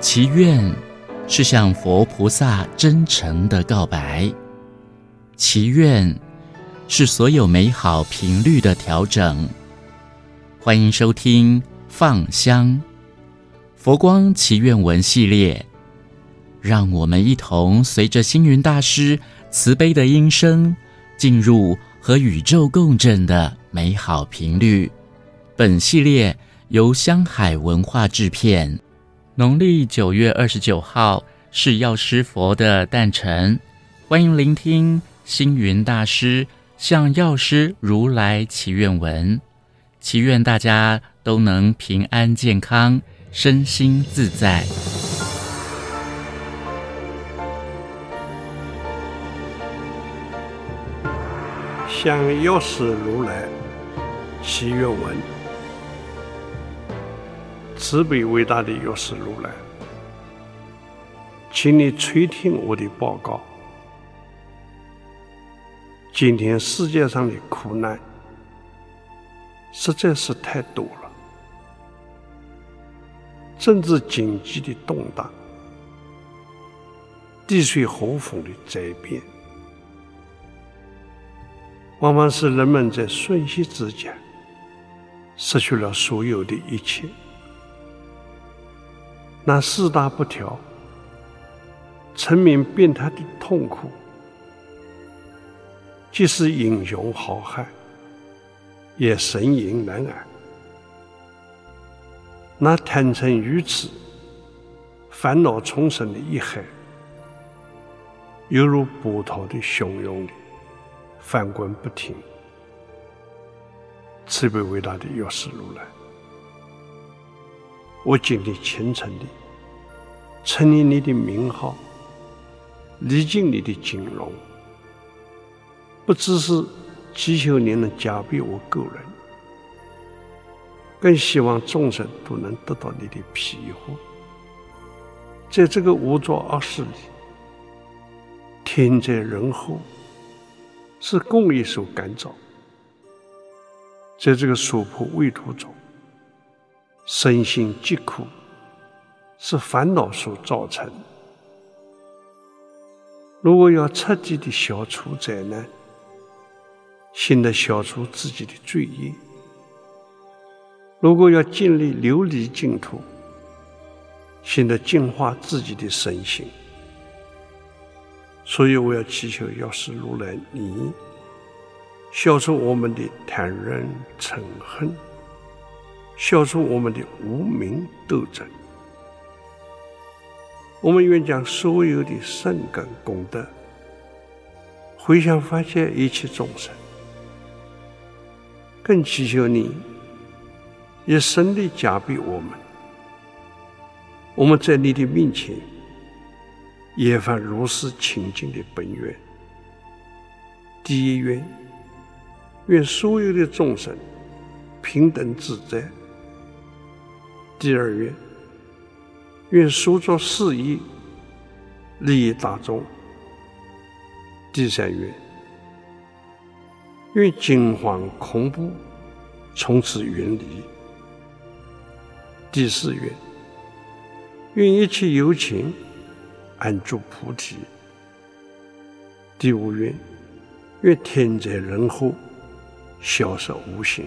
祈願是向佛菩薩真誠的告白，祈願是所有美好頻率的調整。歡迎收聽《Fun 香佛光祈願文》系列，讓我們一同隨着星雲大師慈悲的音聲，進入和宇宙共振的美好頻率。本系列由香海文化製片。農曆九月二十九號是藥師佛的誕辰，歡迎聆聽星云大師向藥師如來祈願文，祈願大家都能平安健康，身心自在。向藥師如來祈願文。慈悲偉大的藥師如來，請你垂聽我的報告。今天世界上的苦難實在是太多了，政治經濟的動盪、地水火風的災變，往往是人們在瞬息之間失去了所有的一切。那四大不調，沉綿病榻的痛苦，即使英雄好漢，也呻吟難安。那貪瞋愚癡，煩惱叢生的遺憾，猶如波濤的洶湧翻滾不停。慈悲偉大的藥師如來。我今以虔誠的，稱念你的名號，禮敬你的尊容。不只是祈求你能加被我個人，更希望眾生都能得到你的庇護。在這個五濁惡世裡，天災人禍是共業，所感召；在這個娑婆穢土中。身心疾苦是煩惱所造成。如果要徹底的消除災難，先得消除自己的罪業；如果要建立琉璃淨土，先得淨化自己的身心。所以，我要祈求，藥師如來你，你消除我們的坦然、嗔、恨。消除我們的無明鬥爭，我們願將所有的善根功德回向法界一切眾生，更祈求你以神力加被我們。我們在你的面前，也發如是清淨的本願：第一願，願所有的眾生平等自在。第二願，願書作事義，利益大眾。第三願，願驚惶恐怖從此遠離。第四願，願一切有情安住菩提。第五願，願天災人禍消失無形。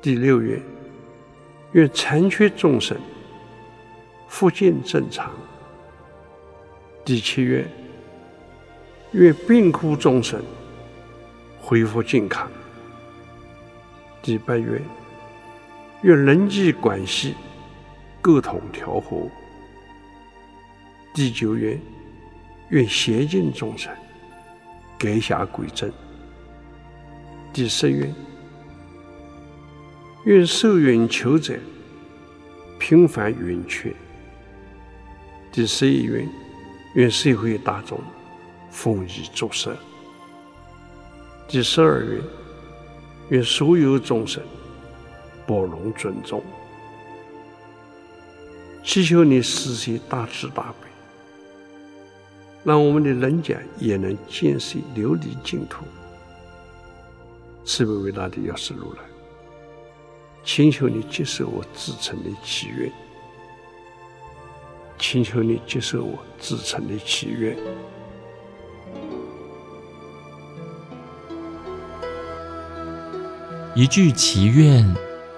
第六願。願殘缺眾生復見正常。第七願，願病苦眾生恢復健康。第八願，願人際關係溝通調和。第九願，願邪見眾生改邪歸正。第十願。願受援求者平反冤屈。第十一願，願社會大眾豐衣足食。第十二願，願所有眾生包容尊重。祈求你實現大慈大悲，讓我們的人間也能建設琉璃淨土。慈悲偉大的藥師如來。請求你接受我至誠的祈願，請求你接受我至誠的祈願。一句祈願，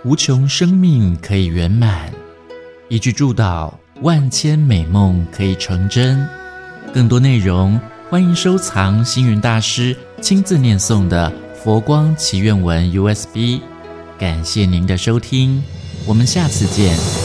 無窮生命可以圓滿；一句祝禱，萬千美夢可以成真。更多內容，歡迎收藏星雲大師親自念誦的《佛光祈願文》USB。感謝您的收聽，我們下次見。